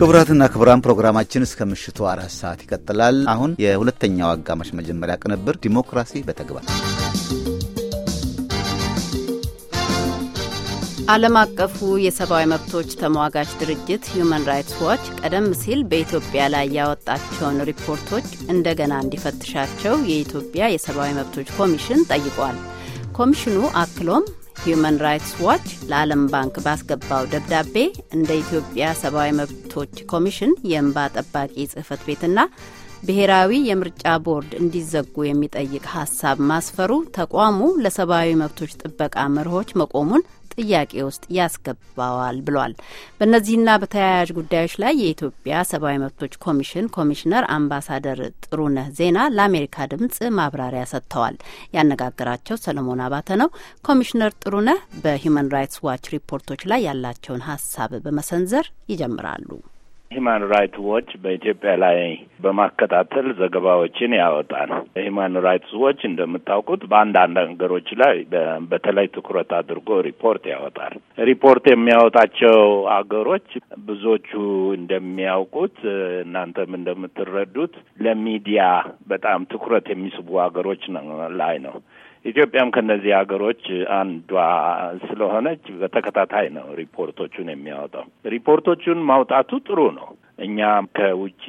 ክቡራትና ክቡራን ፕሮግራማችን እስከ ምሽቱ አራት ሰዓት ይቀጥላል። አሁን የሁለተኛው አጋማሽ መጀመሪያ ቅንብር ዲሞክራሲ በተግባር ዓለም አቀፉ የሰብአዊ መብቶች ተሟጋች ድርጅት ሁማን ራይትስ ዋች ቀደም ሲል በኢትዮጵያ ላይ ያወጣቸውን ሪፖርቶች እንደገና እንዲፈትሻቸው የኢትዮጵያ የሰብአዊ መብቶች ኮሚሽን ጠይቋል። ኮሚሽኑ አክሎም ሂዩማን ራይትስ ዋች ለዓለም ባንክ ባስገባው ደብዳቤ እንደ ኢትዮጵያ ሰብአዊ መብቶች ኮሚሽን የእንባ ጠባቂ ጽህፈት ቤትና ብሔራዊ የምርጫ ቦርድ እንዲዘጉ የሚጠይቅ ሀሳብ ማስፈሩ ተቋሙ ለሰብአዊ መብቶች ጥበቃ መርሆች መቆሙን ጥያቄ ውስጥ ያስገባዋል ብሏል። በእነዚህና በተያያዥ ጉዳዮች ላይ የኢትዮጵያ ሰብአዊ መብቶች ኮሚሽን ኮሚሽነር አምባሳደር ጥሩነህ ዜና ለአሜሪካ ድምጽ ማብራሪያ ሰጥተዋል። ያነጋገራቸው ሰለሞን አባተ ነው። ኮሚሽነር ጥሩነህ በሂውማን ራይትስ ዋች ሪፖርቶች ላይ ያላቸውን ሀሳብ በመሰንዘር ይጀምራሉ። ሂማን ራይትስ ዎች በኢትዮጵያ ላይ በማከታተል ዘገባዎችን ያወጣል። ሂማን ራይትስ ዎች እንደምታውቁት በአንዳንድ ነገሮች ላይ በተለይ ትኩረት አድርጎ ሪፖርት ያወጣል። ሪፖርት የሚያወጣቸው አገሮች ብዙዎቹ እንደሚያውቁት እናንተም እንደምትረዱት ለሚዲያ በጣም ትኩረት የሚስቡ አገሮች ላይ ነው። ኢትዮጵያም ከነዚህ ሀገሮች አንዷ ስለሆነች በተከታታይ ነው ሪፖርቶቹን የሚያወጣው። ሪፖርቶቹን ማውጣቱ ጥሩ ነው። እኛ ከውጭ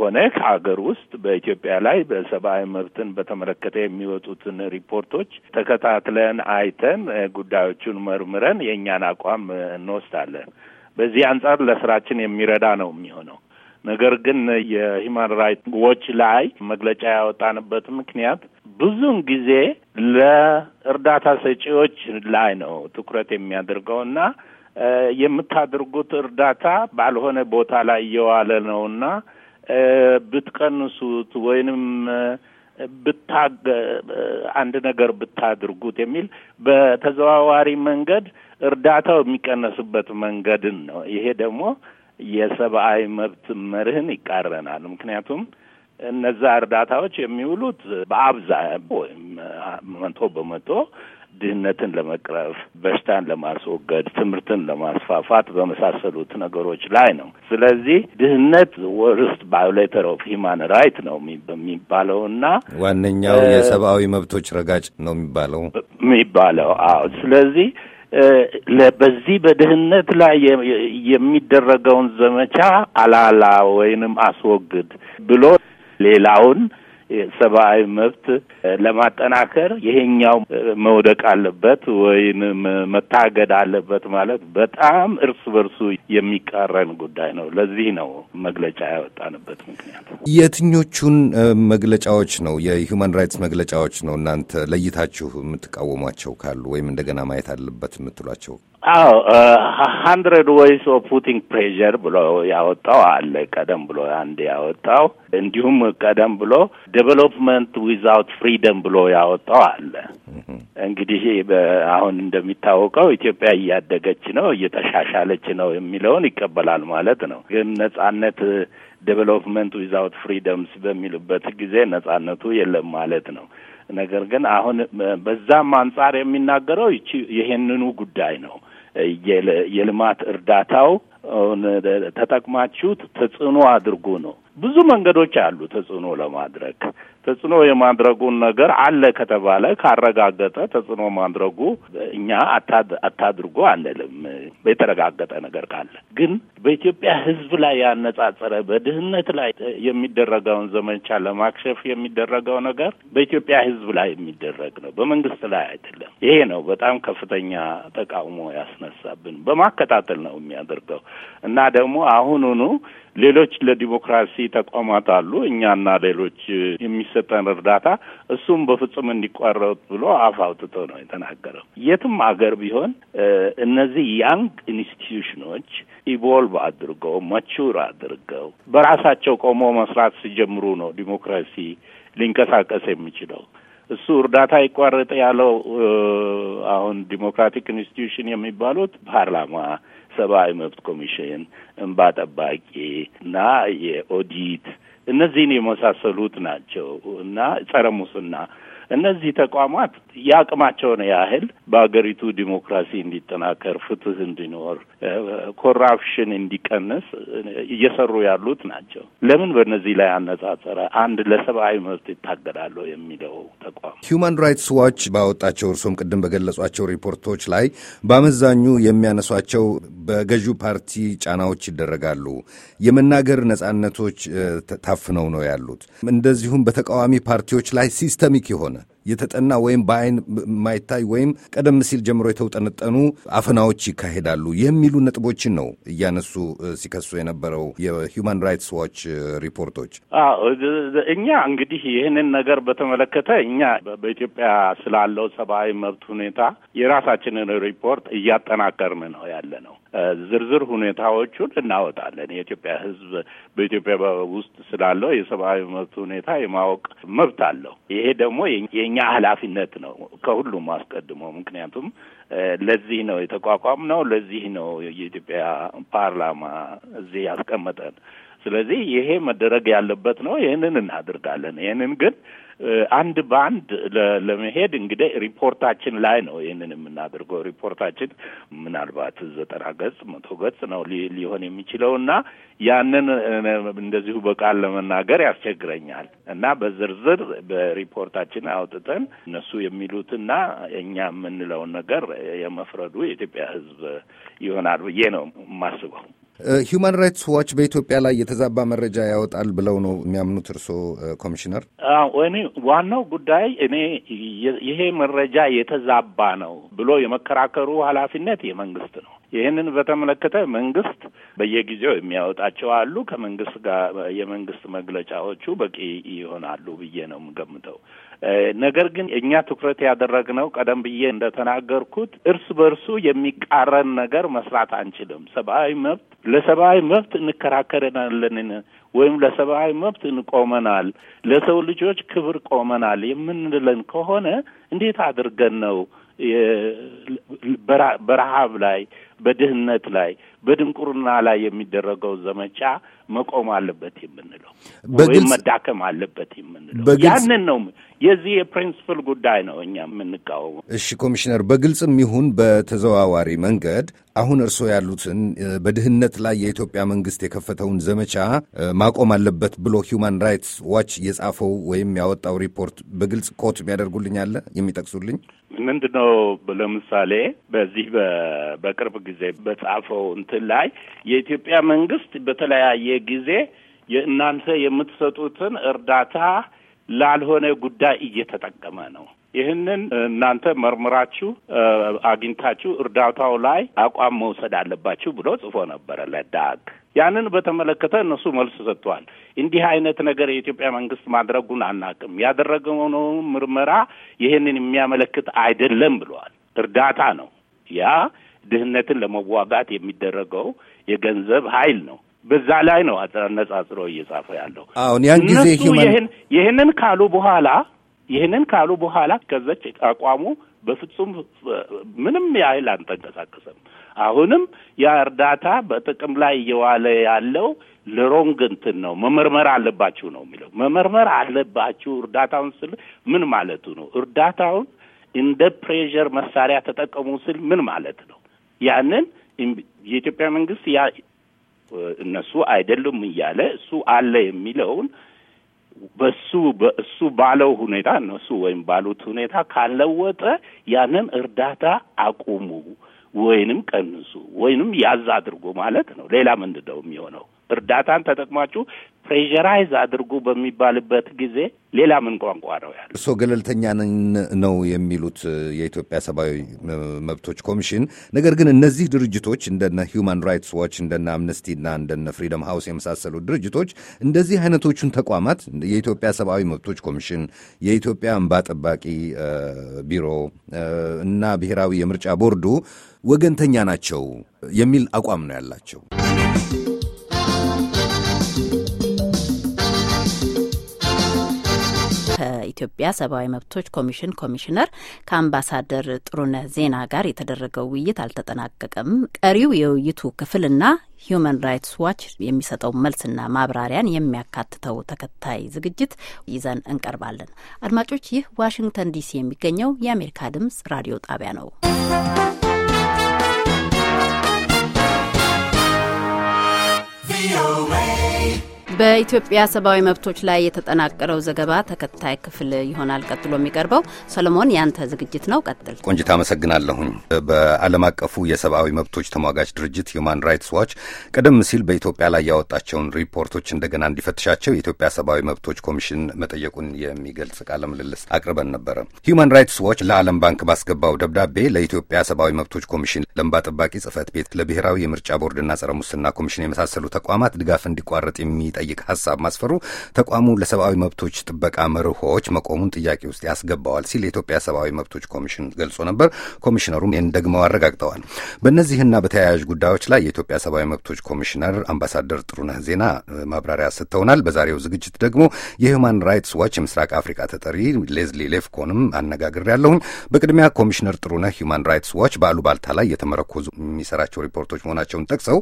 ሆነ ከሀገር ውስጥ በኢትዮጵያ ላይ በሰብአዊ መብትን በተመለከተ የሚወጡትን ሪፖርቶች ተከታትለን አይተን ጉዳዮቹን መርምረን የእኛን አቋም እንወስዳለን። በዚህ አንጻር ለስራችን የሚረዳ ነው የሚሆነው። ነገር ግን የሂማን ራይት ዎች ላይ መግለጫ ያወጣንበት ምክንያት ብዙውን ጊዜ ለእርዳታ ሰጪዎች ላይ ነው ትኩረት የሚያደርገው እና የምታደርጉት እርዳታ ባልሆነ ቦታ ላይ እየዋለ ነው እና ብትቀንሱት ወይንም ብታ አንድ ነገር ብታድርጉት የሚል በተዘዋዋሪ መንገድ እርዳታው የሚቀነስበት መንገድን ነው። ይሄ ደግሞ የሰብአዊ መብት መርህን ይቃረናል። ምክንያቱም እነዛ እርዳታዎች የሚውሉት በአብዛኛው ወይም መቶ በመቶ ድህነትን ለመቅረፍ፣ በሽታን ለማስወገድ፣ ትምህርትን ለማስፋፋት በመሳሰሉት ነገሮች ላይ ነው። ስለዚህ ድህነት ወርስት ቫዮሌተር ኦፍ ሂማን ራይት ነው የሚባለው እና ዋነኛው የሰብአዊ መብቶች ረጋጭ ነው የሚባለው የሚባለው አዎ። ስለዚህ በዚህ በድህነት ላይ የሚደረገውን ዘመቻ አላላ ወይንም አስወግድ ብሎ ሌላውን ሰብአዊ መብት ለማጠናከር ይሄኛው መውደቅ አለበት ወይም መታገድ አለበት ማለት በጣም እርስ በርሱ የሚቃረን ጉዳይ ነው። ለዚህ ነው መግለጫ ያወጣንበት ምክንያት። የትኞቹን መግለጫዎች ነው የሁማን ራይትስ መግለጫዎች ነው እናንተ ለይታችሁ የምትቃወሟቸው ካሉ ወይም እንደገና ማየት አለበት የምትሏቸው? አዎ ሀንድረድ ወይስ ኦፍ ፑቲንግ ፕሬዠር ብሎ ያወጣው አለ። ቀደም ብሎ አንድ ያወጣው እንዲሁም ቀደም ብሎ ዴቨሎፕመንት ዊዛውት ፍሪደም ብሎ ያወጣው አለ። እንግዲህ አሁን እንደሚታወቀው ኢትዮጵያ እያደገች ነው፣ እየተሻሻለች ነው የሚለውን ይቀበላል ማለት ነው። ግን ነጻነት ዴቨሎፕመንት ዊዛውት ፍሪደምስ በሚልበት ጊዜ ነጻነቱ የለም ማለት ነው። ነገር ግን አሁን በዛም አንጻር የሚናገረው ይቺ ይሄንኑ ጉዳይ ነው። የልማት እርዳታው ተጠቅማችሁት ተጽዕኖ አድርጉ ነው። ብዙ መንገዶች አሉ ተጽዕኖ ለማድረግ። ተጽዕኖ የማድረጉን ነገር አለ ከተባለ ካረጋገጠ ተጽዕኖ ማድረጉ እኛ አታድርጎ አንልም። የተረጋገጠ ነገር ካለ ግን በኢትዮጵያ ሕዝብ ላይ ያነጻጸረ በድህነት ላይ የሚደረገውን ዘመቻ ለማክሸፍ የሚደረገው ነገር በኢትዮጵያ ሕዝብ ላይ የሚደረግ ነው፣ በመንግስት ላይ አይደለም። ይሄ ነው በጣም ከፍተኛ ተቃውሞ ያስነሳብን። በማከታተል ነው የሚያደርገው እና ደግሞ አሁኑኑ ሌሎች ለዲሞክራሲ ተቋማት አሉ። እኛና ሌሎች የሚሰጠን እርዳታ እሱም በፍጹም እንዲቋረጥ ብሎ አፍ አውጥቶ ነው የተናገረው። የትም አገር ቢሆን እነዚህ ያንግ ኢንስቲትዩሽኖች ኢቮልቭ አድርገው መቹር አድርገው በራሳቸው ቆሞ መስራት ሲጀምሩ ነው ዲሞክራሲ ሊንቀሳቀስ የሚችለው። እሱ እርዳታ ይቋረጥ ያለው አሁን ዲሞክራቲክ ኢንስቲትዩሽን የሚባሉት ፓርላማ የሰብአዊ መብት ኮሚሽን፣ እንባ ጠባቂ እና የኦዲት እነዚህን የመሳሰሉት ናቸው እና ጸረ ሙስና እነዚህ ተቋማት የአቅማቸውን ያህል በሀገሪቱ ዲሞክራሲ እንዲጠናከር፣ ፍትህ እንዲኖር ኮራፕሽን እንዲቀንስ እየሰሩ ያሉት ናቸው። ለምን በእነዚህ ላይ አነጻጸረ? አንድ ለሰብአዊ መብት ይታገዳለሁ የሚለው ተቋም ሂውማን ራይትስ ዋች ባወጣቸው እርሶም ቅድም በገለጿቸው ሪፖርቶች ላይ በአመዛኙ የሚያነሷቸው በገዢው ፓርቲ ጫናዎች ይደረጋሉ፣ የመናገር ነጻነቶች ታፍነው ነው ያሉት። እንደዚሁም በተቃዋሚ ፓርቲዎች ላይ ሲስተሚክ የሆነ የተጠና ወይም በአይን የማይታይ ወይም ቀደም ሲል ጀምሮ የተውጠነጠኑ አፈናዎች ይካሄዳሉ የሚሉ ነጥቦችን ነው እያነሱ ሲከሱ የነበረው የሂውማን ራይትስ ዋች ሪፖርቶች። እኛ እንግዲህ ይህንን ነገር በተመለከተ እኛ በኢትዮጵያ ስላለው ሰብአዊ መብት ሁኔታ የራሳችንን ሪፖርት እያጠናከርን ነው ያለ ነው። ዝርዝር ሁኔታዎቹን እናወጣለን። የኢትዮጵያ ሕዝብ በኢትዮጵያ ውስጥ ስላለው የሰብአዊ መብት ሁኔታ የማወቅ መብት አለው። ይሄ ደግሞ የእኛ ኃላፊነት ነው ከሁሉም አስቀድሞ። ምክንያቱም ለዚህ ነው የተቋቋም ነው፣ ለዚህ ነው የኢትዮጵያ ፓርላማ እዚህ ያስቀመጠን። ስለዚህ ይሄ መደረግ ያለበት ነው። ይህንን እናድርጋለን። ይህንን ግን አንድ በአንድ ለመሄድ እንግዲህ ሪፖርታችን ላይ ነው ይህንን የምናደርገው። ሪፖርታችን ምናልባት ዘጠና ገጽ መቶ ገጽ ነው ሊሆን የሚችለው እና ያንን እንደዚሁ በቃል ለመናገር ያስቸግረኛል እና በዝርዝር በሪፖርታችን አውጥተን እነሱ የሚሉትና እኛ የምንለውን ነገር የመፍረዱ የኢትዮጵያ ሕዝብ ይሆናል ብዬ ነው የማስበው። ሂውማን ራይትስ ዋች በኢትዮጵያ ላይ የተዛባ መረጃ ያወጣል ብለው ነው የሚያምኑት እርስዎ ኮሚሽነር? እኔ ዋናው ጉዳይ እኔ ይሄ መረጃ የተዛባ ነው ብሎ የመከራከሩ ኃላፊነት የመንግስት ነው። ይህንን በተመለከተ መንግስት በየጊዜው የሚያወጣቸው አሉ። ከመንግስት ጋር የመንግስት መግለጫዎቹ በቂ ይሆናሉ ብዬ ነው የምገምተው። ነገር ግን እኛ ትኩረት ያደረግነው ቀደም ብዬ እንደተናገርኩት እርስ በርሱ የሚቃረን ነገር መስራት አንችልም። ሰብአዊ መብት ለሰብአዊ መብት እንከራከረናለን ወይም ለሰብአዊ መብት እንቆመናል፣ ለሰው ልጆች ክብር ቆመናል የምንለን ከሆነ እንዴት አድርገን ነው በረሃብ ላይ፣ በድህነት ላይ፣ በድንቁርና ላይ የሚደረገው ዘመቻ መቆም አለበት የምንለው ወይም መዳከም አለበት የምንለው ያንን ነው። የዚህ የፕሪንስፕል ጉዳይ ነው እኛ የምንቃወሙ። እሺ ኮሚሽነር፣ በግልጽም ይሁን በተዘዋዋሪ መንገድ አሁን እርስዎ ያሉትን በድህነት ላይ የኢትዮጵያ መንግስት የከፈተውን ዘመቻ ማቆም አለበት ብሎ ሂውማን ራይትስ ዋች የጻፈው ወይም ያወጣው ሪፖርት በግልጽ ኮት የሚያደርጉልኝ አለ የሚጠቅሱልኝ? ምንድን ነው ለምሳሌ በዚህ በቅርብ ጊዜ በጻፈው እንትን ላይ የኢትዮጵያ መንግስት በተለያየ ጊዜ የእናንተ የምትሰጡትን እርዳታ ላልሆነ ጉዳይ እየተጠቀመ ነው። ይህንን እናንተ መርምራችሁ አግኝታችሁ እርዳታው ላይ አቋም መውሰድ አለባችሁ ብሎ ጽፎ ነበረ ለዳግ ያንን በተመለከተ እነሱ መልስ ሰጥተዋል። እንዲህ አይነት ነገር የኢትዮጵያ መንግስት ማድረጉን አናቅም፣ ያደረገውንም ምርመራ ይህንን የሚያመለክት አይደለም ብለዋል። እርዳታ ነው ያ ድህነትን ለመዋጋት የሚደረገው የገንዘብ ኃይል ነው። በዛ ላይ ነው አነጻጽሮ እየጻፈ ያለው። አሁን ያን ጊዜ ይህንን ካሉ በኋላ ይህንን ካሉ በኋላ ከዘች አቋሙ በፍጹም ምንም ያህል አንጠንቀሳቀሰም አሁንም ያ እርዳታ በጥቅም ላይ እየዋለ ያለው ለሮንግ እንትን ነው። መመርመር አለባችሁ ነው የሚለው። መመርመር አለባችሁ እርዳታውን ስል ምን ማለቱ ነው? እርዳታውን እንደ ፕሬር መሳሪያ ተጠቀሙ ስል ምን ማለት ነው? ያንን የኢትዮጵያ መንግስት ያ እነሱ አይደሉም እያለ እሱ አለ የሚለውን በሱ በእሱ ባለው ሁኔታ እነሱ ወይም ባሉት ሁኔታ ካልለወጠ ያንን እርዳታ አቁሙ ወይንም ቀንሱ ወይንም ያዝ አድርጉ ማለት ነው። ሌላ ምንድን ነው የሚሆነው? እርዳታን ተጠቅማችሁ ፕሬሸራይዝ አድርጉ በሚባልበት ጊዜ ሌላ ምን ቋንቋ ነው ያለ? እርስዎ ገለልተኛ ነው የሚሉት የኢትዮጵያ ሰብአዊ መብቶች ኮሚሽን። ነገር ግን እነዚህ ድርጅቶች እንደነ ሂውማን ራይትስ ዋች፣ እንደነ አምነስቲና እንደነ ፍሪደም ሃውስ የመሳሰሉት ድርጅቶች እንደዚህ አይነቶቹን ተቋማት የኢትዮጵያ ሰብአዊ መብቶች ኮሚሽን፣ የኢትዮጵያ እንባ ጠባቂ ቢሮ እና ብሔራዊ የምርጫ ቦርዱ ወገንተኛ ናቸው የሚል አቋም ነው ያላቸው። የኢትዮጵያ ሰብአዊ መብቶች ኮሚሽን ኮሚሽነር ከአምባሳደር ጥሩነህ ዜና ጋር የተደረገው ውይይት አልተጠናቀቀም። ቀሪው የውይይቱ ክፍልና ሂዩማን ራይትስ ዋች የሚሰጠው መልስና ማብራሪያን የሚያካትተው ተከታይ ዝግጅት ይዘን እንቀርባለን። አድማጮች፣ ይህ ዋሽንግተን ዲሲ የሚገኘው የአሜሪካ ድምጽ ራዲዮ ጣቢያ ነው። No በኢትዮጵያ ሰብአዊ መብቶች ላይ የተጠናቀረው ዘገባ ተከታይ ክፍል ይሆናል ቀጥሎ የሚቀርበው። ሰለሞን ያንተ ዝግጅት ነው፣ ቀጥል። ቆንጅት አመሰግናለሁኝ። በዓለም አቀፉ የሰብአዊ መብቶች ተሟጋች ድርጅት ሁማን ራይትስ ዋች ቀደም ሲል በኢትዮጵያ ላይ ያወጣቸውን ሪፖርቶች እንደገና እንዲፈትሻቸው የኢትዮጵያ ሰብአዊ መብቶች ኮሚሽን መጠየቁን የሚገልጽ ቃለ ምልልስ አቅርበን ነበረ። ሁማን ራይትስ ዋች ለዓለም ባንክ ባስገባው ደብዳቤ ለኢትዮጵያ ሰብአዊ መብቶች ኮሚሽን፣ ለእንባ ጠባቂ ጽህፈት ቤት፣ ለብሔራዊ የምርጫ ቦርድና ጸረ ሙስና ኮሚሽን የመሳሰሉ ተቋማት ድጋፍ እንዲቋረጥ የሚጠ የሚጠይቅ ሀሳብ ማስፈሩ ተቋሙ ለሰብአዊ መብቶች ጥበቃ መርሆች መቆሙን ጥያቄ ውስጥ ያስገባዋል ሲል የኢትዮጵያ ሰብአዊ መብቶች ኮሚሽን ገልጾ ነበር። ኮሚሽነሩም ይህን ደግመው አረጋግጠዋል። በእነዚህና በተያያዥ ጉዳዮች ላይ የኢትዮጵያ ሰብአዊ መብቶች ኮሚሽነር አምባሳደር ጥሩነህ ዜና ማብራሪያ ሰጥተውናል። በዛሬው ዝግጅት ደግሞ የሁማን ራይትስ ዋች የምስራቅ አፍሪካ ተጠሪ ሌዝሊ ሌፍኮንም ያለሁኝ። በቅድሚያ ኮሚሽነር ጥሩነህ ሁማን ራይትስ ዋች በአሉባልታ ላይ የተመረኮዙ የሚሰራቸው ሪፖርቶች መሆናቸውን ጠቅሰው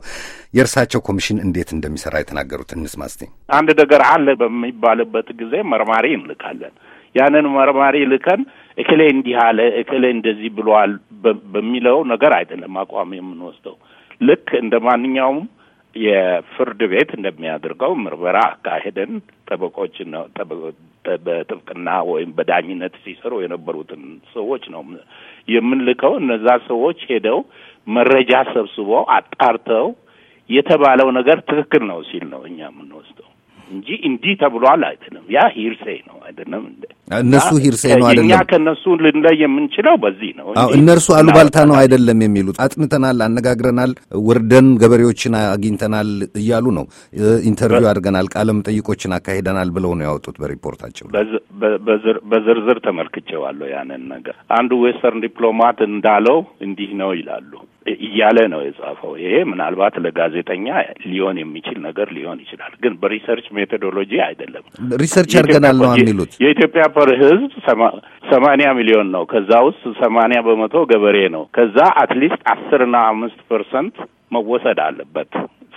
የእርሳቸው ኮሚሽን እንዴት እንደሚሰራ የተናገሩት እንስማ። እስቲ አንድ ነገር አለ በሚባልበት ጊዜ መርማሪ እንልካለን። ያንን መርማሪ ልከን እክሌ እንዲህ አለ እክሌ እንደዚህ ብለዋል በሚለው ነገር አይደለም አቋም የምንወስደው። ልክ እንደ ማንኛውም የፍርድ ቤት እንደሚያደርገው ምርመራ አካሄደን ጠበቆች በጥብቅና ወይም በዳኝነት ሲሰሩ የነበሩትን ሰዎች ነው የምንልከው። እነዛ ሰዎች ሄደው መረጃ ሰብስበው አጣርተው የተባለው ነገር ትክክል ነው ሲል ነው እኛ የምንወስደው። እንጂ እንዲህ ተብሏል አይትንም። ያ ሂርሴ ነው አይደለም። እነሱ ሂርሴ ነው አይደለም። እኛ ከእነሱ ልንለይ የምንችለው በዚህ ነው። እነርሱ አሉባልታ ነው አይደለም የሚሉት። አጥንተናል፣ አነጋግረናል፣ ወርደን ገበሬዎችን አግኝተናል እያሉ ነው። ኢንተርቪው አድርገናል፣ ቃለ መጠይቆችን አካሂደናል ብለው ነው ያወጡት በሪፖርታቸው። በዝርዝር ተመልክቼዋለሁ ያንን ነገር። አንዱ ዌስተርን ዲፕሎማት እንዳለው እንዲህ ነው ይላሉ እያለ ነው የጻፈው። ይሄ ምናልባት ለጋዜጠኛ ሊሆን የሚችል ነገር ሊሆን ይችላል፣ ግን በሪሰርች ሜቶዶሎጂ አይደለም። ሪሰርች አድርገናል ነው የሚሉት። የኢትዮጵያ ፐር ህዝብ ሰማንያ ሚሊዮን ነው። ከዛ ውስጥ ሰማንያ በመቶ ገበሬ ነው። ከዛ አትሊስት አስርና አምስት ፐርሰንት መወሰድ አለበት።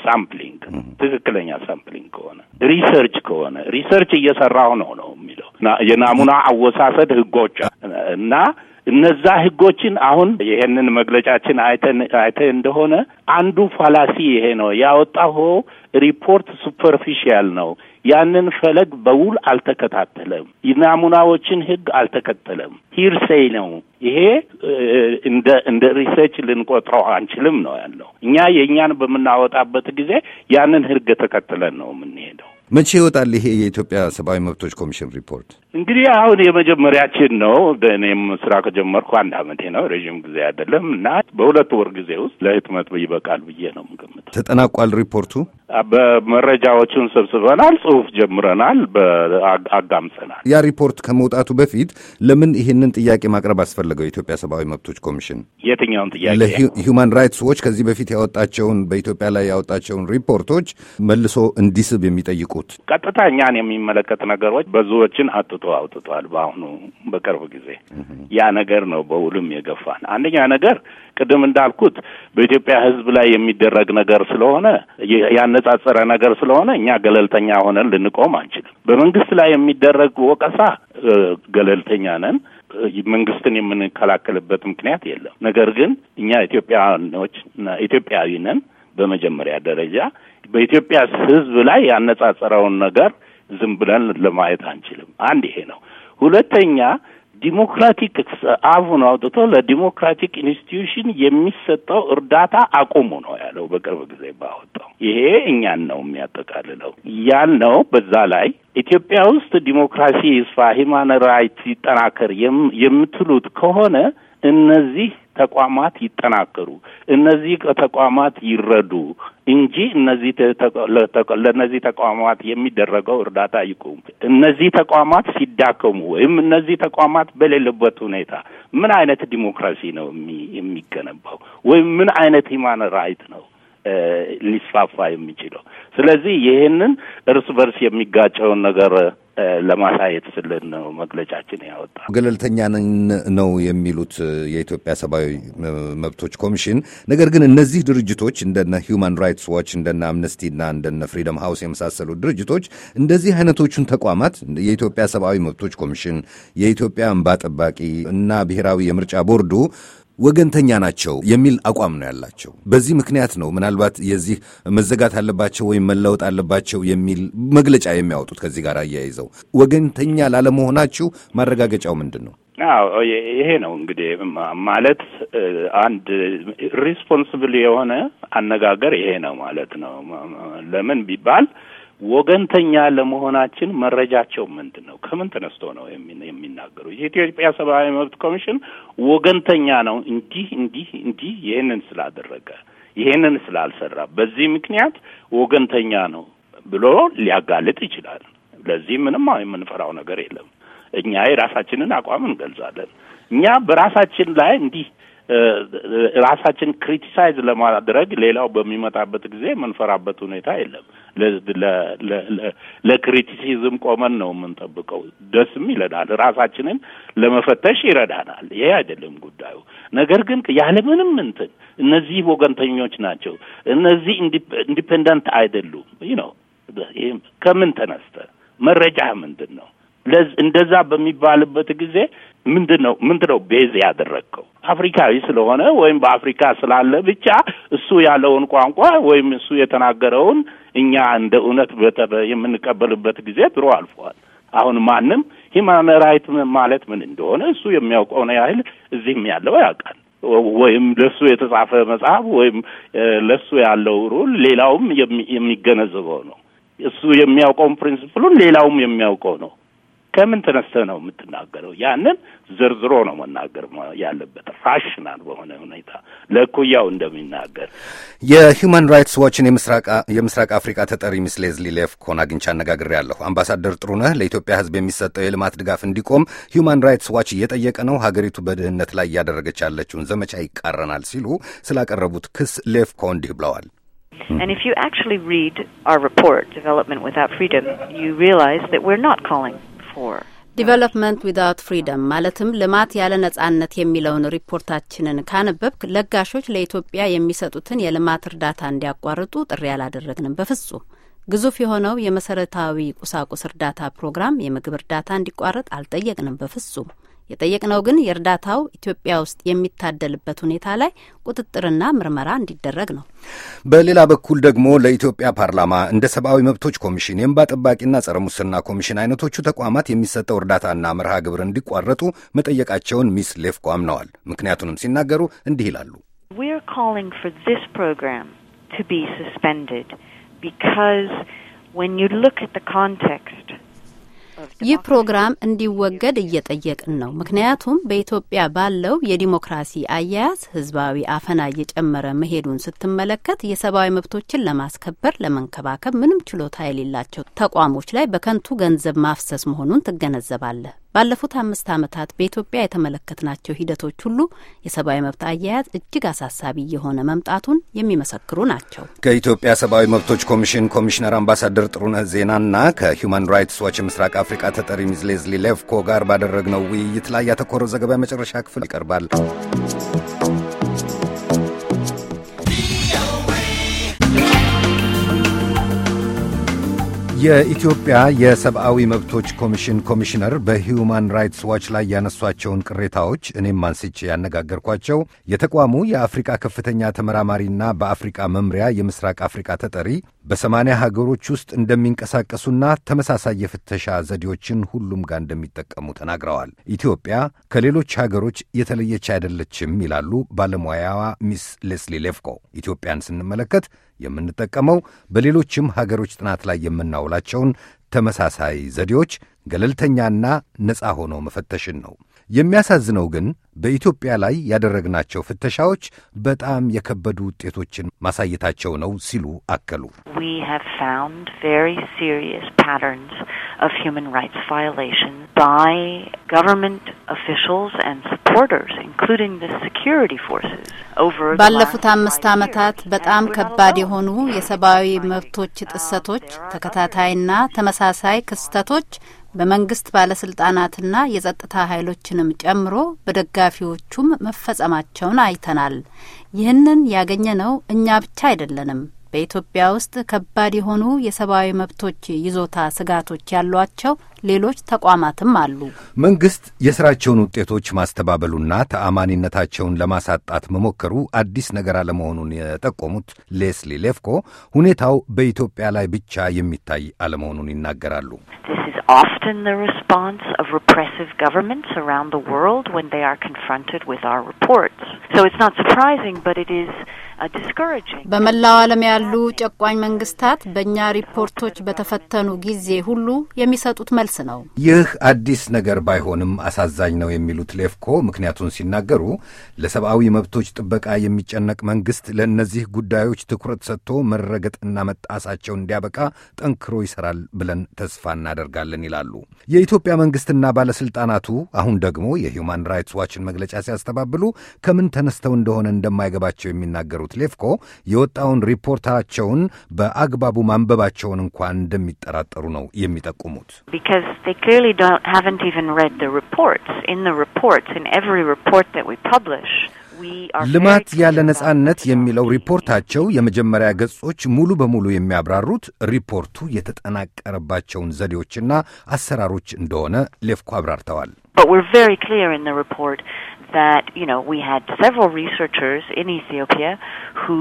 ሳምፕሊንግ ትክክለኛ ሳምፕሊንግ ከሆነ ሪሰርች ከሆነ ሪሰርች እየሰራሁ ነው ነው የሚለው የናሙና አወሳሰድ ህጎች እና እነዛ ህጎችን አሁን ይሄንን መግለጫችን አይተን እንደሆነ አንዱ ፋላሲ ይሄ ነው ያወጣሁ ሪፖርት ሱፐርፊሻል ነው። ያንን ፈለግ በውል አልተከታተለም። የናሙናዎችን ህግ አልተከተለም። ሂርሴይ ነው ይሄ እንደ እንደ ሪሰርች ልንቆጥረው አንችልም ነው ያለው። እኛ የእኛን በምናወጣበት ጊዜ ያንን ህግ ተከትለን ነው የምንሄደው። መቼ ይወጣል ይሄ የኢትዮጵያ ሰብአዊ መብቶች ኮሚሽን ሪፖርት? እንግዲህ አሁን የመጀመሪያችን ነው። በእኔም ስራ ከጀመርኩ አንድ አመቴ ነው፣ ረዥም ጊዜ አይደለም እና በሁለት ወር ጊዜ ውስጥ ለህትመት ይበቃል ብዬ ነው የምገምተው። ተጠናቋል ሪፖርቱ። በመረጃዎቹን ሰብስበናል፣ ጽሁፍ ጀምረናል፣ አጋምጸናል። ያ ሪፖርት ከመውጣቱ በፊት ለምን ይህንን ጥያቄ ማቅረብ አስፈለገው? የኢትዮጵያ ሰብአዊ መብቶች ኮሚሽን የትኛውን ጥያቄ? ለሂውማን ራይትስ ዎች ከዚህ በፊት ያወጣቸውን በኢትዮጵያ ላይ ያወጣቸውን ሪፖርቶች መልሶ እንዲስብ የሚጠይቁት ቀጥታ እኛን የሚመለከት ነገሮች ብዙዎችን አጥቶ አውጥቶ አውጥቷል። በአሁኑ በቅርብ ጊዜ ያ ነገር ነው በውልም የገፋን። አንደኛ ነገር ቅድም እንዳልኩት በኢትዮጵያ ሕዝብ ላይ የሚደረግ ነገር ስለሆነ ያነጻጸረ ነገር ስለሆነ እኛ ገለልተኛ ሆነን ልንቆም አንችልም። በመንግስት ላይ የሚደረግ ወቀሳ ገለልተኛ ነን። መንግስትን የምንከላከልበት ምክንያት የለም። ነገር ግን እኛ ኢትዮጵያኖች ኢትዮጵያዊ ነን። በመጀመሪያ ደረጃ በኢትዮጵያ ህዝብ ላይ ያነጻጸረውን ነገር ዝም ብለን ለማየት አንችልም። አንድ ይሄ ነው። ሁለተኛ ዲሞክራቲክ አፉን አውጥቶ ለዲሞክራቲክ ኢንስቲትዩሽን የሚሰጠው እርዳታ አቁሙ ነው ያለው በቅርብ ጊዜ ባወጣው። ይሄ እኛን ነው የሚያጠቃልለው ያልነው። በዛ ላይ ኢትዮጵያ ውስጥ ዲሞክራሲ ይስፋ፣ ሂማን ራይት ይጠናከር የምትሉት ከሆነ እነዚህ ተቋማት ይጠናከሩ፣ እነዚህ ተቋማት ይረዱ እንጂ እነዚህ ለእነዚህ ተቋማት የሚደረገው እርዳታ ይቁም። እነዚህ ተቋማት ሲዳከሙ ወይም እነዚህ ተቋማት በሌለበት ሁኔታ ምን አይነት ዲሞክራሲ ነው የሚገነባው? ወይም ምን አይነት ሂማን ራይት ነው? ሊስፋፋ የሚችለው። ስለዚህ ይህንን እርስ በርስ የሚጋጨውን ነገር ለማሳየት ስልን ነው መግለጫችን ያወጣ። ገለልተኛ ነን ነው የሚሉት የኢትዮጵያ ሰብአዊ መብቶች ኮሚሽን። ነገር ግን እነዚህ ድርጅቶች እንደነ ሂውማን ራይትስ ዋች፣ እንደነ አምነስቲና እንደነ ፍሪደም ሃውስ የመሳሰሉ ድርጅቶች እንደዚህ አይነቶቹን ተቋማት የኢትዮጵያ ሰብአዊ መብቶች ኮሚሽን፣ የኢትዮጵያ እንባ ጠባቂ እና ብሔራዊ የምርጫ ቦርዱ ወገንተኛ ናቸው የሚል አቋም ነው ያላቸው። በዚህ ምክንያት ነው ምናልባት የዚህ መዘጋት አለባቸው ወይም መለወጥ አለባቸው የሚል መግለጫ የሚያወጡት። ከዚህ ጋር አያይዘው ወገንተኛ ላለመሆናችሁ ማረጋገጫው ምንድን ነው? አዎ ይሄ ነው እንግዲህ ማለት አንድ ሪስፖንስብል የሆነ አነጋገር ይሄ ነው ማለት ነው። ለምን ቢባል ወገንተኛ ለመሆናችን መረጃቸው ምንድን ነው? ከምን ተነስቶ ነው የሚናገሩ? የኢትዮጵያ ሰብአዊ መብት ኮሚሽን ወገንተኛ ነው፣ እንዲህ እንዲህ እንዲህ ይህንን ስላደረገ ይህንን ስላልሰራ በዚህ ምክንያት ወገንተኛ ነው ብሎ ሊያጋልጥ ይችላል። ለዚህ ምንም የምንፈራው ነገር የለም። እኛ የራሳችንን አቋም እንገልጻለን። እኛ በራሳችን ላይ እንዲህ ራሳችን ክሪቲሳይዝ ለማድረግ ሌላው በሚመጣበት ጊዜ የምንፈራበት ሁኔታ የለም። ለክሪቲሲዝም ቆመን ነው የምንጠብቀው። ደስም ይለናል። ራሳችንን ለመፈተሽ ይረዳናል። ይሄ አይደለም ጉዳዩ። ነገር ግን ያለምንም እንትን እነዚህ ወገንተኞች ናቸው፣ እነዚህ ኢንዲፔንደንት አይደሉም ነው። ከምን ተነስተ መረጃ ምንድን ነው? እንደዛ በሚባልበት ጊዜ ምንድን ነው ምንድን ነው ቤዝ ያደረግከው? አፍሪካዊ ስለሆነ ወይም በአፍሪካ ስላለ ብቻ እሱ ያለውን ቋንቋ ወይም እሱ የተናገረውን እኛ እንደ እውነት የምንቀበልበት ጊዜ ድሮ አልፏል። አሁን ማንም ሂማን ራይት ማለት ምን እንደሆነ እሱ የሚያውቀውን ያህል እዚህም ያለው ያውቃል። ወይም ለሱ የተጻፈ መጽሐፍ ወይም ለሱ ያለው ሩል ሌላውም የሚገነዘበው ነው። እሱ የሚያውቀውን ፕሪንስፕሉን ሌላውም የሚያውቀው ነው። ከምን ተነስተህ ነው የምትናገረው? ያንን ዝርዝሮ ነው መናገር ያለበት ራሽናል በሆነ ሁኔታ ለኩያው እንደሚናገር። የሂውማን ራይትስ ዋችን የምስራቅ አፍሪካ ተጠሪ ሚስ ሌዝሊ ሌፍኮን አግኝቼ አነጋግሬያለሁ። አምባሳደር ጥሩነህ ለኢትዮጵያ ሕዝብ የሚሰጠው የልማት ድጋፍ እንዲቆም ሂውማን ራይትስ ዋች እየጠየቀ ነው፣ ሀገሪቱ በድህነት ላይ እያደረገች ያለችውን ዘመቻ ይቃረናል ሲሉ ስላቀረቡት ክስ ሌፍኮ እንዲህ ብለዋል። And if you actually read our report, Development Without Freedom, you realize that we're not calling ዲቨሎፕመንት ዊዛውት ፍሪደም ማለትም ልማት ያለ ነጻነት የሚለውን ሪፖርታችንን ካነበብክ ለጋሾች ለኢትዮጵያ የሚሰጡትን የልማት እርዳታ እንዲያቋርጡ ጥሪ አላደረግንም በፍጹም። ግዙፍ የሆነው የመሰረታዊ ቁሳቁስ እርዳታ ፕሮግራም የምግብ እርዳታ እንዲቋረጥ አልጠየቅንም በፍጹም። የጠየቅነው ግን የእርዳታው ኢትዮጵያ ውስጥ የሚታደልበት ሁኔታ ላይ ቁጥጥርና ምርመራ እንዲደረግ ነው። በሌላ በኩል ደግሞ ለኢትዮጵያ ፓርላማ እንደ ሰብአዊ መብቶች ኮሚሽን፣ የእንባ ጠባቂና ጸረ ሙስና ኮሚሽን አይነቶቹ ተቋማት የሚሰጠው እርዳታና መርሃ ግብር እንዲቋረጡ መጠየቃቸውን ሚስ ሌፍኮ አምነዋል። ምክንያቱንም ሲናገሩ እንዲህ ይላሉ። because when you look at the context ይህ ፕሮግራም እንዲወገድ እየጠየቅን ነው። ምክንያቱም በኢትዮጵያ ባለው የዲሞክራሲ አያያዝ ህዝባዊ አፈና እየጨመረ መሄዱን ስትመለከት የሰብአዊ መብቶችን ለማስከበር ለመንከባከብ ምንም ችሎታ የሌላቸው ተቋሞች ላይ በከንቱ ገንዘብ ማፍሰስ መሆኑን ትገነዘባለህ። ባለፉት አምስት ዓመታት በኢትዮጵያ የተመለከትናቸው ሂደቶች ሁሉ የሰብአዊ መብት አያያዝ እጅግ አሳሳቢ የሆነ መምጣቱን የሚመሰክሩ ናቸው። ከኢትዮጵያ ሰብአዊ መብቶች ኮሚሽን ኮሚሽነር አምባሳደር ጥሩነህ ዜናና ከሁማን ራይትስ ዋች የምስራቅ አፍሪቃ ተጠሪ ሚዝሌዝሊ ሌቭኮ ጋር ባደረግነው ውይይት ላይ ያተኮረው ዘገባ የመጨረሻ ክፍል ይቀርባል። የኢትዮጵያ የሰብአዊ መብቶች ኮሚሽን ኮሚሽነር በሂዩማን ራይትስ ዋች ላይ ያነሷቸውን ቅሬታዎች እኔም አንስቼ ያነጋገርኳቸው የተቋሙ የአፍሪቃ ከፍተኛ ተመራማሪና በአፍሪቃ መምሪያ የምስራቅ አፍሪቃ ተጠሪ በሰማንያ ሀገሮች ውስጥ እንደሚንቀሳቀሱና ተመሳሳይ የፍተሻ ዘዴዎችን ሁሉም ጋር እንደሚጠቀሙ ተናግረዋል። ኢትዮጵያ ከሌሎች ሀገሮች የተለየች አይደለችም ይላሉ ባለሙያዋ ሚስ ሌስሊ ሌፍኮ ኢትዮጵያን ስንመለከት የምንጠቀመው በሌሎችም ሀገሮች ጥናት ላይ የምናውላቸውን ተመሳሳይ ዘዴዎች ገለልተኛና ነፃ ሆኖ መፈተሽን ነው። የሚያሳዝነው ግን በኢትዮጵያ ላይ ያደረግናቸው ፍተሻዎች በጣም የከበዱ ውጤቶችን ማሳየታቸው ነው ሲሉ አከሉ። ባለፉት አምስት ዓመታት በጣም ከባድ የሆኑ የሰብአዊ መብቶች ጥሰቶች፣ ተከታታይና ተመሳሳይ ክስተቶች በመንግስት ባለስልጣናትና የጸጥታ ኃይሎችንም ጨምሮ በደጋፊዎቹም መፈጸማቸውን አይተናል። ይህንን ያገኘነው እኛ ብቻ አይደለንም። በኢትዮጵያ ውስጥ ከባድ የሆኑ የሰብአዊ መብቶች ይዞታ ስጋቶች ያሏቸው ሌሎች ተቋማትም አሉ። መንግስት የስራቸውን ውጤቶች ማስተባበሉና ተአማኒነታቸውን ለማሳጣት መሞከሩ አዲስ ነገር አለመሆኑን የጠቆሙት ሌስሊ ሌፍኮ ሁኔታው በኢትዮጵያ ላይ ብቻ የሚታይ አለመሆኑን ይናገራሉ። often the response of repressive governments around the world when they are confronted with our reports. So it's not surprising, but it is በመላው ዓለም ያሉ ጨቋኝ መንግስታት በእኛ ሪፖርቶች በተፈተኑ ጊዜ ሁሉ የሚሰጡት መልስ ነው። ይህ አዲስ ነገር ባይሆንም አሳዛኝ ነው የሚሉት ሌፍኮ ምክንያቱን ሲናገሩ ለሰብአዊ መብቶች ጥበቃ የሚጨነቅ መንግስት ለእነዚህ ጉዳዮች ትኩረት ሰጥቶ መረገጥና መጣሳቸው እንዲያበቃ ጠንክሮ ይሰራል ብለን ተስፋ እናደርጋለን ይላሉ። የኢትዮጵያ መንግስትና ባለስልጣናቱ አሁን ደግሞ የሂውማን ራይትስ ዋችን መግለጫ ሲያስተባብሉ ከምን ተነስተው እንደሆነ እንደማይገባቸው የሚናገሩት የጻፉት ሌፍኮ የወጣውን ሪፖርታቸውን በአግባቡ ማንበባቸውን እንኳን እንደሚጠራጠሩ ነው የሚጠቁሙት። ልማት ያለ ነጻነት የሚለው ሪፖርታቸው የመጀመሪያ ገጾች ሙሉ በሙሉ የሚያብራሩት ሪፖርቱ የተጠናቀረባቸውን ዘዴዎችና አሰራሮች እንደሆነ ሌፍኮ አብራርተዋል። But we're very clear in the report that you know we had several researchers in Ethiopia who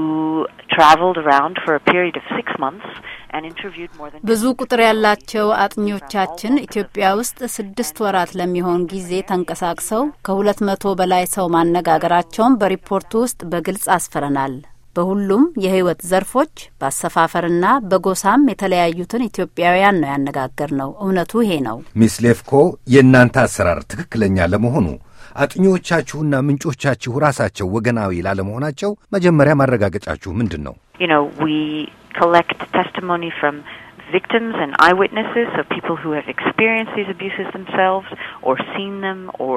traveled around for a period of six months and interviewed more than ብዙ ቁጥር ያላቸው አጥኚዎቻችን ኢትዮጵያ ውስጥ ስድስት ወራት ለሚሆን ጊዜ ተንቀሳቅሰው ከሁለት መቶ በላይ ሰው ማነጋገራቸውን በሪፖርቱ ውስጥ በግልጽ አስፍረናል። በሁሉም የህይወት ዘርፎች በአሰፋፈርና በጎሳም የተለያዩትን ኢትዮጵያውያን ነው ያነጋገር ነው። እውነቱ ይሄ ነው። ሚስ ሌፍኮ የእናንተ አሰራር ትክክለኛ ለመሆኑ አጥኚዎቻችሁና ምንጮቻችሁ ራሳቸው ወገናዊ ላለመሆናቸው መጀመሪያ ማረጋገጫችሁ ምንድን ነው? victims and eyewitnesses, so people who have experienced these abuses themselves or seen them or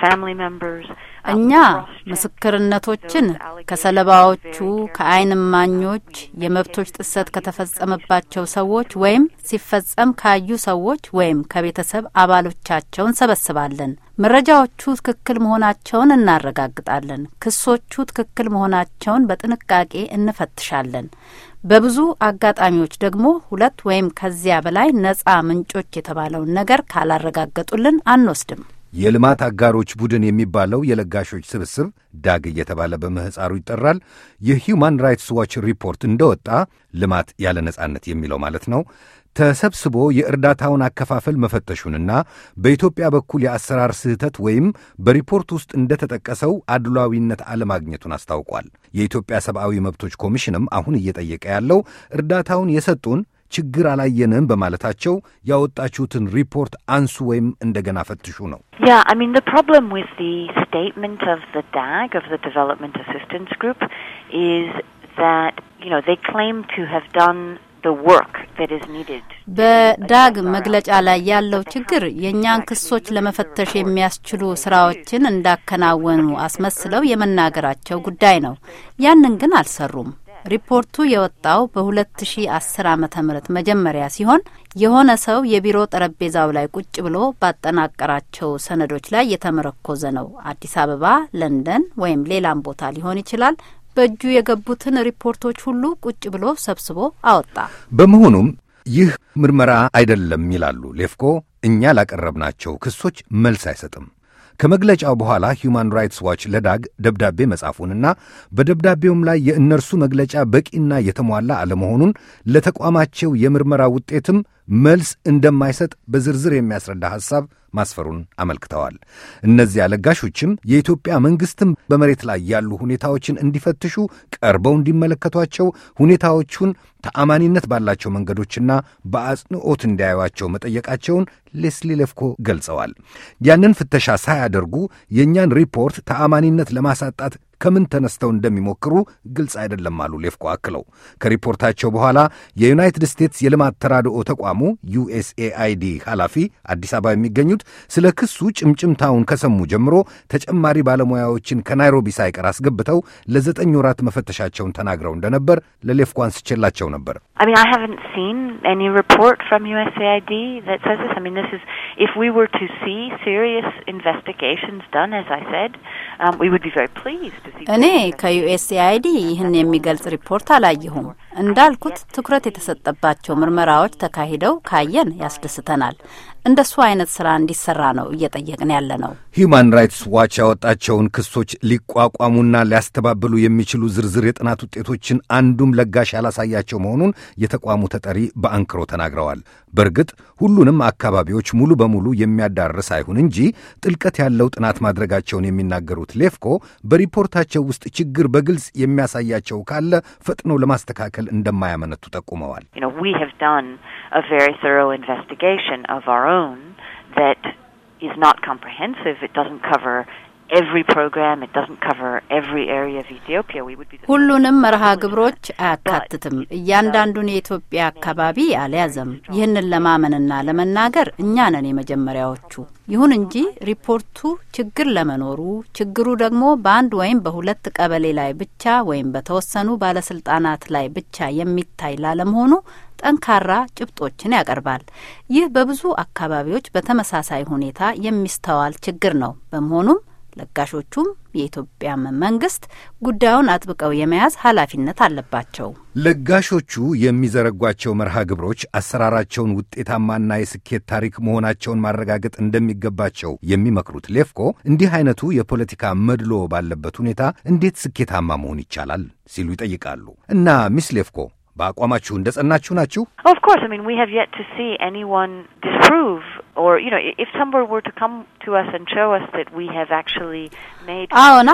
family members. እኛ uh, ምስክርነቶችን ከሰለባዎቹ፣ ከአይን ማኞች የመብቶች ጥሰት ከተፈጸመባቸው ሰዎች ወይም ሲፈጸም ካዩ ሰዎች ወይም ከቤተሰብ አባሎቻቸው እንሰበስባለን። መረጃዎቹ ትክክል መሆናቸውን እናረጋግጣለን። ክሶቹ ትክክል መሆናቸውን በጥንቃቄ እንፈትሻለን። በብዙ አጋጣሚዎች ደግሞ ሁለት ወይም ከዚያ በላይ ነጻ ምንጮች የተባለውን ነገር ካላረጋገጡልን አንወስድም። የልማት አጋሮች ቡድን የሚባለው የለጋሾች ስብስብ ዳግ እየተባለ በምህፃሩ ይጠራል። የሂውማን ራይትስ ዋች ሪፖርት እንደወጣ ልማት ያለ ነጻነት የሚለው ማለት ነው ተሰብስቦ የእርዳታውን አከፋፈል መፈተሹንና በኢትዮጵያ በኩል የአሰራር ስህተት ወይም በሪፖርት ውስጥ እንደተጠቀሰው አድሏዊነት አለማግኘቱን አስታውቋል። የኢትዮጵያ ሰብአዊ መብቶች ኮሚሽንም አሁን እየጠየቀ ያለው እርዳታውን የሰጡን ችግር አላየንም በማለታቸው ያወጣችሁትን ሪፖርት አንሱ ወይም እንደገና ፈትሹ ነው። ያ ስቴትመንት ኦፍ ዳግ ኦፍ ዘ አሲስታንስ ግሩፕ ኢዝ ዛት ዩ ዜይ ክሌም ቱ ሃቭ በዳግ መግለጫ ላይ ያለው ችግር የእኛን ክሶች ለመፈተሽ የሚያስችሉ ስራዎችን እንዳከናወኑ አስመስለው የመናገራቸው ጉዳይ ነው። ያንን ግን አልሰሩም። ሪፖርቱ የወጣው በ2010 ዓ ም መጀመሪያ ሲሆን የሆነ ሰው የቢሮ ጠረጴዛው ላይ ቁጭ ብሎ ባጠናቀራቸው ሰነዶች ላይ የተመረኮዘ ነው። አዲስ አበባ፣ ለንደን ወይም ሌላም ቦታ ሊሆን ይችላል በእጁ የገቡትን ሪፖርቶች ሁሉ ቁጭ ብሎ ሰብስቦ አወጣ። በመሆኑም ይህ ምርመራ አይደለም ይላሉ ሌፍኮ። እኛ ላቀረብናቸው ክሶች መልስ አይሰጥም። ከመግለጫው በኋላ ሁማን ራይትስ ዋች ለዳግ ደብዳቤ መጻፉንና በደብዳቤውም ላይ የእነርሱ መግለጫ በቂና የተሟላ አለመሆኑን ለተቋማቸው የምርመራ ውጤትም መልስ እንደማይሰጥ በዝርዝር የሚያስረዳ ሐሳብ ማስፈሩን አመልክተዋል። እነዚያ ለጋሾችም የኢትዮጵያ መንግሥትም በመሬት ላይ ያሉ ሁኔታዎችን እንዲፈትሹ ቀርበው እንዲመለከቷቸው፣ ሁኔታዎቹን ተአማኒነት ባላቸው መንገዶችና በአጽንኦት እንዲያዩቸው መጠየቃቸውን ሌስሊ ለፍኮ ገልጸዋል። ያንን ፍተሻ ሳያደርጉ የእኛን ሪፖርት ተአማኒነት ለማሳጣት ከምን ተነስተው እንደሚሞክሩ ግልጽ አይደለም አሉ ሌፍኮ አክለው። ከሪፖርታቸው በኋላ የዩናይትድ ስቴትስ የልማት ተራድኦ ተቋሙ ዩኤስኤአይዲ ኃላፊ አዲስ አበባ የሚገኙት ስለ ክሱ ጭምጭምታውን ከሰሙ ጀምሮ ተጨማሪ ባለሙያዎችን ከናይሮቢ ሳይቀር አስገብተው ለዘጠኝ ወራት መፈተሻቸውን ተናግረው እንደነበር ለሌፍኮ አንስቼላቸው ነበር። እኔ ከዩኤስኤአይዲ ይህን የሚገልጽ ሪፖርት አላየሁም። እንዳልኩት ትኩረት የተሰጠባቸው ምርመራዎች ተካሂደው ካየን ያስደስተናል። እንደሱ አይነት ስራ እንዲሰራ ነው እየጠየቅን ያለ ነው። ሂዩማን ራይትስ ዋች ያወጣቸውን ክሶች ሊቋቋሙና ሊያስተባብሉ የሚችሉ ዝርዝር የጥናት ውጤቶችን አንዱም ለጋሽ ያላሳያቸው መሆኑን የተቋሙ ተጠሪ በአንክሮ ተናግረዋል። በእርግጥ ሁሉንም አካባቢዎች ሙሉ በሙሉ የሚያዳርስ አይሁን እንጂ ጥልቀት ያለው ጥናት ማድረጋቸውን የሚናገሩት ሌፍኮ በሪፖርታቸው ውስጥ ችግር በግልጽ የሚያሳያቸው ካለ ፈጥኖ ለማስተካከል እንደማያመነቱ ጠቁመዋል። a very thorough investigation of our own that is not comprehensive. It doesn't cover every program. It doesn't cover every area of Ethiopia. We would be ሁሉንም መርሃ ግብሮች አያካትትም። እያንዳንዱን የኢትዮጵያ አካባቢ አልያዘም። ይህንን ለማመንና ለመናገር እኛ ነን የመጀመሪያዎቹ። ይሁን እንጂ ሪፖርቱ ችግር ለመኖሩ ችግሩ ደግሞ በአንድ ወይም በሁለት ቀበሌ ላይ ብቻ ወይም በተወሰኑ ባለስልጣናት ላይ ብቻ የሚታይ ላለመሆኑ ጠንካራ ጭብጦችን ያቀርባል። ይህ በብዙ አካባቢዎች በተመሳሳይ ሁኔታ የሚስተዋል ችግር ነው። በመሆኑም ለጋሾቹም የኢትዮጵያ መንግስት ጉዳዩን አጥብቀው የመያዝ ኃላፊነት አለባቸው። ለጋሾቹ የሚዘረጓቸው መርሃ ግብሮች አሰራራቸውን ውጤታማና የስኬት ታሪክ መሆናቸውን ማረጋገጥ እንደሚገባቸው የሚመክሩት ሌፍኮ እንዲህ አይነቱ የፖለቲካ መድሎ ባለበት ሁኔታ እንዴት ስኬታማ መሆን ይቻላል ሲሉ ይጠይቃሉ። እና ሚስ ሌፍኮ በአቋማችሁ እንደ ጸናችሁ ናችሁ? ኦፍኮርስ ሚን ዊ ሃቭ የት ቱ ሲ ኤኒዋን ዲስፕሩቭ ኦር ዩ ኖ ኢፍ ወር ቱ ካም ቱ አስ አስ ዊ ሜድ። አዎና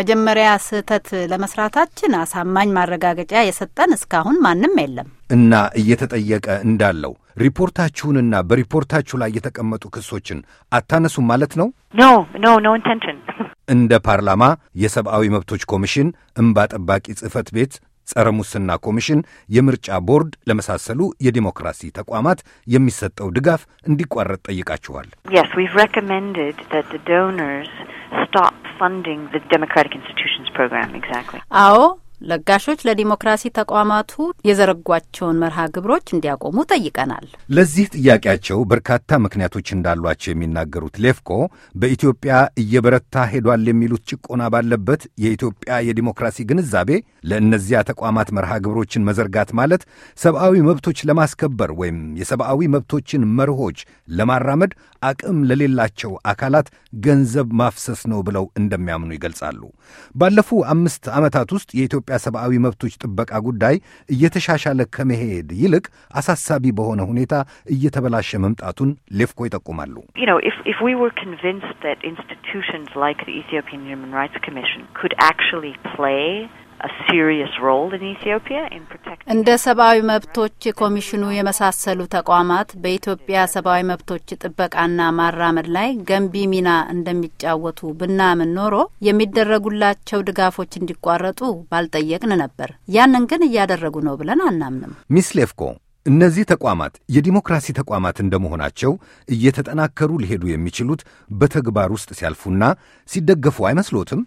መጀመሪያ ስህተት ለመስራታችን አሳማኝ ማረጋገጫ የሰጠን እስካሁን ማንም የለም። እና እየተጠየቀ እንዳለው ሪፖርታችሁንና በሪፖርታችሁ ላይ የተቀመጡ ክሶችን አታነሱም ማለት ነው? ኖ ኖ ኖ ኢንቴንሽን እንደ ፓርላማ፣ የሰብአዊ መብቶች ኮሚሽን፣ እምባ ጠባቂ ጽህፈት ቤት ጸረ ሙስና ኮሚሽን፣ የምርጫ ቦርድ ለመሳሰሉ የዲሞክራሲ ተቋማት የሚሰጠው ድጋፍ እንዲቋረጥ ጠይቃችኋል። አዎ፣ ለጋሾች ለዲሞክራሲ ተቋማቱ የዘረጓቸውን መርሃ ግብሮች እንዲያቆሙ ጠይቀናል። ለዚህ ጥያቄያቸው በርካታ ምክንያቶች እንዳሏቸው የሚናገሩት ሌፍኮ በኢትዮጵያ እየበረታ ሄዷል የሚሉት ጭቆና ባለበት የኢትዮጵያ የዲሞክራሲ ግንዛቤ ለእነዚያ ተቋማት መርሃ ግብሮችን መዘርጋት ማለት ሰብአዊ መብቶች ለማስከበር ወይም የሰብአዊ መብቶችን መርሆች ለማራመድ አቅም ለሌላቸው አካላት ገንዘብ ማፍሰስ ነው ብለው እንደሚያምኑ ይገልጻሉ። ባለፉ አምስት ዓመታት ውስጥ የኢትዮጵያ ሰብአዊ መብቶች ጥበቃ ጉዳይ እየተሻሻለ ከመሄድ ይልቅ አሳሳቢ በሆነ ሁኔታ እየተበላሸ መምጣቱን ሌፍኮ ይጠቁማሉ። ኢንስቲትዩሽንስ ላይክ ኢትዮጵያን ሁማን ራይትስ ኮሚሽን እንደ ሰብአዊ መብቶች ኮሚሽኑ የመሳሰሉ ተቋማት በኢትዮጵያ ሰብአዊ መብቶች ጥበቃና ማራመድ ላይ ገንቢ ሚና እንደሚጫወቱ ብናምን ኖሮ የሚደረጉላቸው ድጋፎች እንዲቋረጡ ባልጠየቅን ነበር። ያንን ግን እያደረጉ ነው ብለን አናምንም። ሚስ ሌፍኮ እነዚህ ተቋማት የዲሞክራሲ ተቋማት እንደመሆናቸው እየተጠናከሩ ሊሄዱ የሚችሉት በተግባር ውስጥ ሲያልፉና ሲደገፉ አይመስሎትም?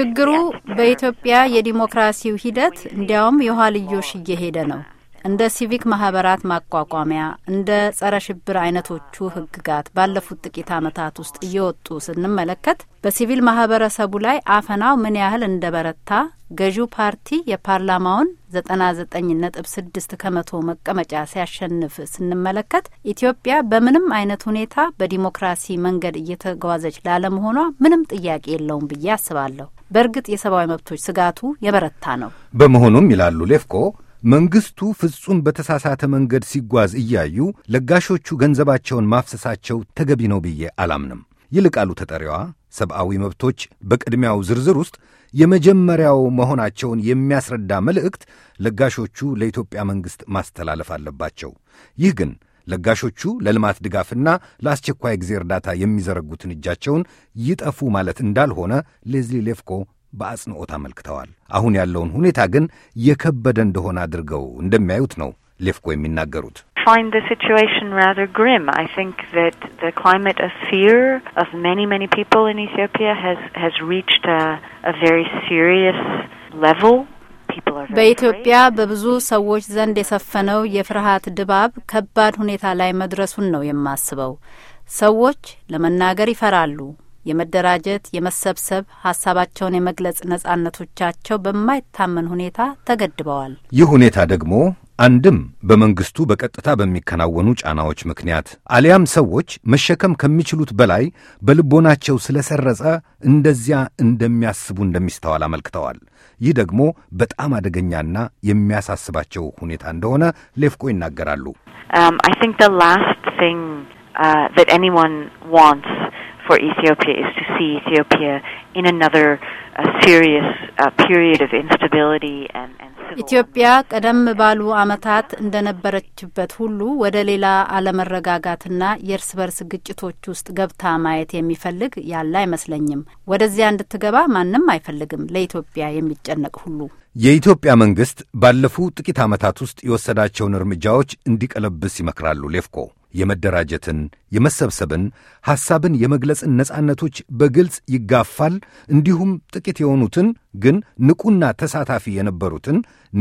ችግሩ በኢትዮጵያ የዲሞክራሲው ሂደት እንዲያውም የኋልዮሽ እየሄደ ነው። እንደ ሲቪክ ማህበራት ማቋቋሚያ እንደ ጸረ ሽብር አይነቶቹ ህግጋት ባለፉት ጥቂት ዓመታት ውስጥ እየወጡ ስንመለከት በሲቪል ማህበረሰቡ ላይ አፈናው ምን ያህል እንደ በረታ ገዢው ፓርቲ የፓርላማውን ዘጠና ዘጠኝ ነጥብ ስድስት ከመቶ መቀመጫ ሲያሸንፍ ስንመለከት ኢትዮጵያ በምንም አይነት ሁኔታ በዲሞክራሲ መንገድ እየተጓዘች ላለመሆኗ ምንም ጥያቄ የለውም ብዬ አስባለሁ። በእርግጥ የሰብአዊ መብቶች ስጋቱ የበረታ ነው። በመሆኑም ይላሉ ሌፍኮ መንግስቱ ፍጹም በተሳሳተ መንገድ ሲጓዝ እያዩ ለጋሾቹ ገንዘባቸውን ማፍሰሳቸው ተገቢ ነው ብዬ አላምንም። ይልቃሉ ተጠሪዋ ሰብአዊ መብቶች በቅድሚያው ዝርዝር ውስጥ የመጀመሪያው መሆናቸውን የሚያስረዳ መልእክት ለጋሾቹ ለኢትዮጵያ መንግሥት ማስተላለፍ አለባቸው። ይህ ግን ለጋሾቹ ለልማት ድጋፍና ለአስቸኳይ ጊዜ እርዳታ የሚዘረጉትን እጃቸውን ይጠፉ ማለት እንዳልሆነ ሌዝሊ ሌፍኮ በአጽንኦት አመልክተዋል። አሁን ያለውን ሁኔታ ግን የከበደ እንደሆነ አድርገው እንደሚያዩት ነው ሌፍኮ የሚናገሩት። በኢትዮጵያ በብዙ ሰዎች ዘንድ የሰፈነው የፍርሃት ድባብ ከባድ ሁኔታ ላይ መድረሱን ነው የማስበው። ሰዎች ለመናገር ይፈራሉ። የመደራጀት፣ የመሰብሰብ፣ ሀሳባቸውን የመግለጽ ነጻነቶቻቸው በማይታመን ሁኔታ ተገድበዋል። ይህ ሁኔታ ደግሞ አንድም በመንግስቱ በቀጥታ በሚከናወኑ ጫናዎች ምክንያት አሊያም ሰዎች መሸከም ከሚችሉት በላይ በልቦናቸው ስለሰረጸ እንደዚያ እንደሚያስቡ እንደሚስተዋል አመልክተዋል። ይህ ደግሞ በጣም አደገኛና የሚያሳስባቸው ሁኔታ እንደሆነ ሌፍቆ ይናገራሉ። um, for Ethiopia is to see Ethiopia in another uh, serious uh, period of instability and ኢትዮጵያ ቀደም ባሉ ዓመታት እንደነበረችበት ሁሉ ወደ ሌላ አለመረጋጋትና የእርስ በርስ ግጭቶች ውስጥ ገብታ ማየት የሚፈልግ ያለ አይመስለኝም። ወደዚያ እንድትገባ ማንም አይፈልግም፣ ለኢትዮጵያ የሚጨነቅ ሁሉ። የኢትዮጵያ መንግስት ባለፉ ጥቂት ዓመታት ውስጥ የወሰዳቸውን እርምጃዎች እንዲቀለብስ ይመክራሉ ሌፍኮ የመደራጀትን፣ የመሰብሰብን፣ ሐሳብን የመግለጽን ነጻነቶች በግልጽ ይጋፋል። እንዲሁም ጥቂት የሆኑትን ግን ንቁና ተሳታፊ የነበሩትን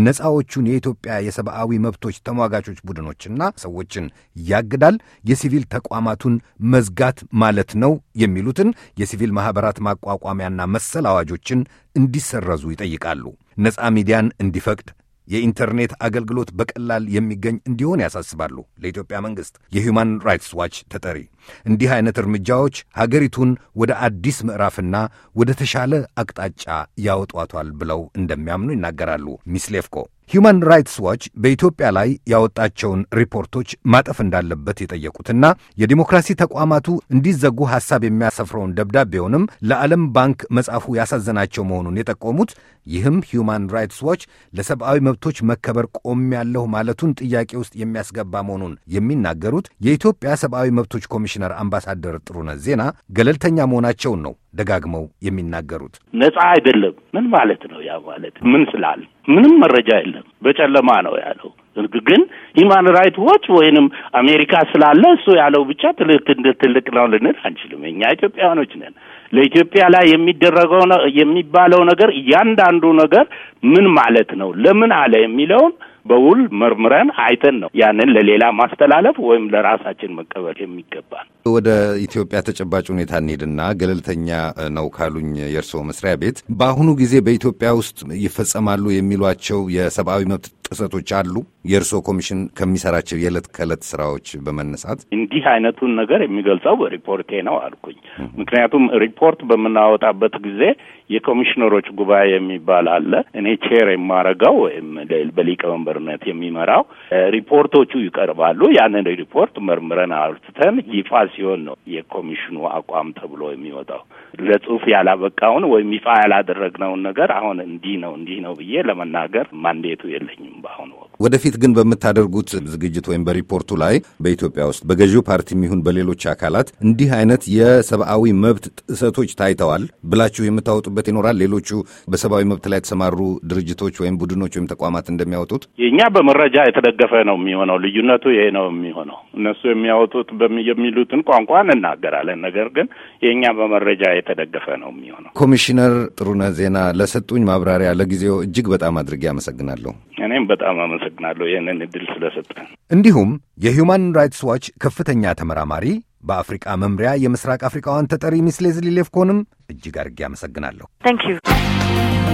ነፃዎቹን የኢትዮጵያ የሰብአዊ መብቶች ተሟጋቾች ቡድኖችና ሰዎችን ያግዳል። የሲቪል ተቋማቱን መዝጋት ማለት ነው የሚሉትን የሲቪል ማኅበራት ማቋቋሚያና መሰል አዋጆችን እንዲሰረዙ ይጠይቃሉ። ነፃ ሚዲያን እንዲፈቅድ የኢንተርኔት አገልግሎት በቀላል የሚገኝ እንዲሆን ያሳስባሉ። ለኢትዮጵያ መንግሥት የሁማን ራይትስ ዋች ተጠሪ እንዲህ አይነት እርምጃዎች ሀገሪቱን ወደ አዲስ ምዕራፍና ወደ ተሻለ አቅጣጫ ያወጧቷል ብለው እንደሚያምኑ ይናገራሉ ሚስሌፍኮ። ሂዩማን ራይትስ ዋች በኢትዮጵያ ላይ ያወጣቸውን ሪፖርቶች ማጠፍ እንዳለበት የጠየቁትና የዲሞክራሲ ተቋማቱ እንዲዘጉ ሐሳብ የሚያሰፍረውን ደብዳቤውንም ለዓለም ባንክ መጻፉ ያሳዘናቸው መሆኑን የጠቆሙት ይህም ሂዩማን ራይትስ ዋች ለሰብአዊ መብቶች መከበር ቆም ያለሁ ማለቱን ጥያቄ ውስጥ የሚያስገባ መሆኑን የሚናገሩት የኢትዮጵያ ሰብአዊ መብቶች ኮሚሽነር አምባሳደር ጥሩነት ዜና ገለልተኛ መሆናቸውን ነው ደጋግመው የሚናገሩት። ነጻ አይደለም። ምን ማለት ነው? ያ ማለት ምን ስላለ ምንም መረጃ የለም። በጨለማ ነው ያለው። ግን ሂማን ራይት ዎች ወይንም አሜሪካ ስላለ እሱ ያለው ብቻ ትልቅ ነው ልንል አንችልም። እኛ ኢትዮጵያውያኖች ነን። ለኢትዮጵያ ላይ የሚደረገው የሚባለው ነገር እያንዳንዱ ነገር ምን ማለት ነው፣ ለምን አለ የሚለውን በውል መርምረን አይተን ነው ያንን ለሌላ ማስተላለፍ ወይም ለራሳችን መቀበል የሚገባል። ወደ ኢትዮጵያ ተጨባጭ ሁኔታ እንሄድና ገለልተኛ ነው ካሉኝ የእርስዎ መስሪያ ቤት በአሁኑ ጊዜ በኢትዮጵያ ውስጥ ይፈጸማሉ የሚሏቸው የሰብአዊ መብት ጥሰቶች አሉ? የእርስዎ ኮሚሽን ከሚሰራቸው የዕለት ከዕለት ስራዎች በመነሳት እንዲህ አይነቱን ነገር የሚገልጸው ሪፖርቴ ነው አልኩኝ። ምክንያቱም ሪፖርት በምናወጣበት ጊዜ የኮሚሽነሮች ጉባኤ የሚባል አለ። እኔ ቼር የማረገው ወይም በሊቀመንበርነት የሚመራው ሪፖርቶቹ ይቀርባሉ። ያንን ሪፖርት መርምረን አርትተን ይፋ ሲሆን ነው የኮሚሽኑ አቋም ተብሎ የሚወጣው። ለጽሁፍ ያላበቃውን ወይም ይፋ ያላደረግነውን ነገር አሁን እንዲህ ነው እንዲህ ነው ብዬ ለመናገር ማንዴቱ የለኝም። በአሁኑ ወቅት። ወደፊት ግን በምታደርጉት ዝግጅት ወይም በሪፖርቱ ላይ በኢትዮጵያ ውስጥ በገዢው ፓርቲ ይሁን በሌሎች አካላት እንዲህ አይነት የሰብአዊ መብት ጥሰቶች ታይተዋል ብላችሁ የምታወጡበት ይኖራል? ሌሎቹ በሰብአዊ መብት ላይ የተሰማሩ ድርጅቶች ወይም ቡድኖች ወይም ተቋማት እንደሚያወጡት የእኛ በመረጃ የተደገፈ ነው የሚሆነው። ልዩነቱ ይሄ ነው የሚሆነው። እነሱ የሚያወጡት የሚሉትን ቋንቋ እንናገራለን፣ ነገር ግን የእኛ በመረጃ የተደገፈ ነው የሚሆነው። ኮሚሽነር ጥሩነህ ዜና ለሰጡኝ ማብራሪያ ለጊዜው እጅግ በጣም አድርጌ አመሰግናለሁ። እኔም በጣም አመሰግናለሁ ይህንን እድል ስለሰጠ። እንዲሁም የሂውማን ራይትስ ዋች ከፍተኛ ተመራማሪ በአፍሪቃ መምሪያ የምስራቅ አፍሪቃዋን ተጠሪ ሚስ ሌዝሊ ሌፍኮንም እጅግ አድርጌ አመሰግናለሁ። ታንክ ዩ